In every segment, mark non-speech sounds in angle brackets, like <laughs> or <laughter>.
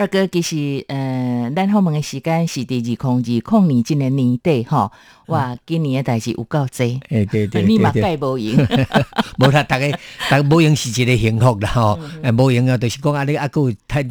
大哥，其實，呃，咱後門嘅時間是第二空，二空年進嚟年底吼。哇，今年嘅代志有夠多，哎、嗯欸啊，對對對，你嘛改冇用，無 <laughs> 啦。 <laughs> 逐個逐個無用是一個幸福啦、哦，吼、嗯，哎，冇用啊，就是講啊，你阿、啊、有趁。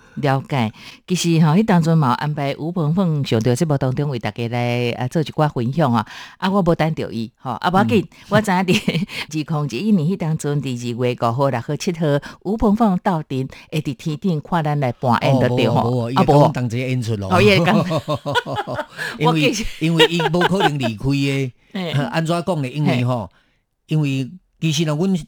了解，其實吼、哦、迄當中嘛安排吳鵬鵬上到節目當中為大家來啊做一寡分享啊，啊，我無等到伊，吼啊無要緊，我知影佇二零二一年迄當中佇二月五號六號七號吳鵬鵬鬥陣會佇天頂看咱來搬演出咯，哈、哦哦，啊，冇冇，因為 <laughs> 因為伊無可能離開誒。安怎講誒？因為吼，因為其實呢，阮。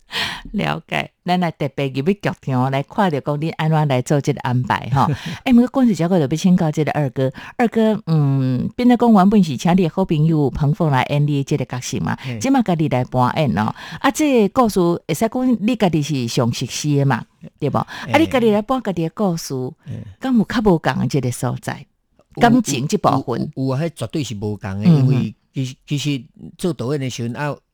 了解，咱嚟特別入去劇場，我看着講你安怎來做即個安排吼。誒、哦，我剛才就過嚟請教即個二哥，二哥，嗯，變咗講原本是請你的好朋友彭峰來演你的，即個角色嘛，即、欸、嘛，家己嚟扮演咯、哦。啊，即個故事，會使講你家己係上熟悉嘅嘛，欸、對無？啊，你家己嚟扮，家己嘅故事敢有較無共，即、欸、個所在感情即部分，我係絕對係無共嘅，因為其實其實做導演嘅時候。啊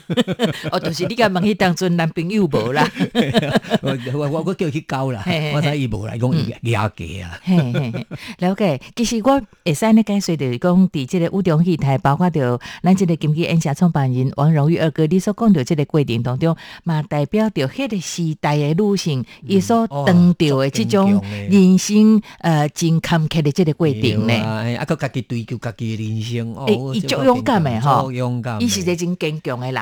<laughs> 哦，就是你敢問伊當初男朋友無啦？我我我叫伊去交啦，我猜伊無啦，講了解啊。了解，其實我會使你解說，就是講佇即個雨中戲台，包括着咱即個金枝演社創辦人王榮裕二哥，你所講着即個過程當中，嘛代表着迄個時代嘅女性，伊所當着嘅即種人生，呃，真坎坷的即個過程咧。啊、欸，佮家己追求家己嘅人生，哦，誒，足勇敢咩？吼，伊是即真堅強嘅啦。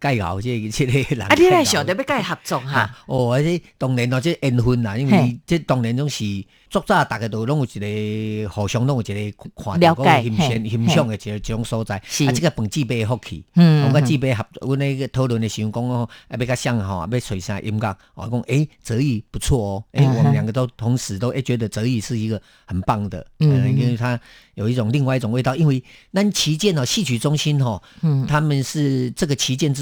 交流即個即個，這個、人，聽嘛。啊啲咧上到合作哈、啊啊。哦，啲當年即啲恩啊，因為即係當年嗰作者大概都攞一個互相攞有一個，有一個，有一個看待嗰形象形象一種所在。啊，即係本製片合作，嗯，本製片合作，我哋討論嘅時候講哦，啊俾相嗬，要催啥音樂。我講，誒，哲宇不錯哦，誒，我們兩、嗯嗯欸哦欸嗯、個都同時都誒覺得哲宇是一個很棒的，嗯，嗯因為他有一種另外一種味道，因為咱旗艦哦，戲曲中心嚇、哦，嗯，他們是這個旗艦。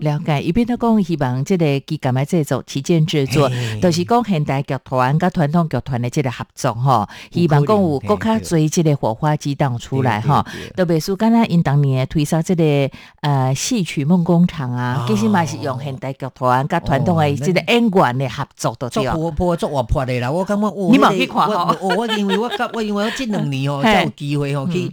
了解，一邊都講希望即個佢近排即係做旗艦製作，就是講現代劇團甲傳統劇團的即個合作吼，希望講有更加多即個火花激蕩出來吼。特別是剛才因當年的推銷即、這個呃戲曲夢工廠啊、哦，其實嘛是用現代劇團甲傳統嘅即個演員的合作都。破破足話破嚟啦，我感覺、哦你那個那個、去看我我我認為我 <laughs> 我我認為我這兩年吼才有機會吼去。嗯嗯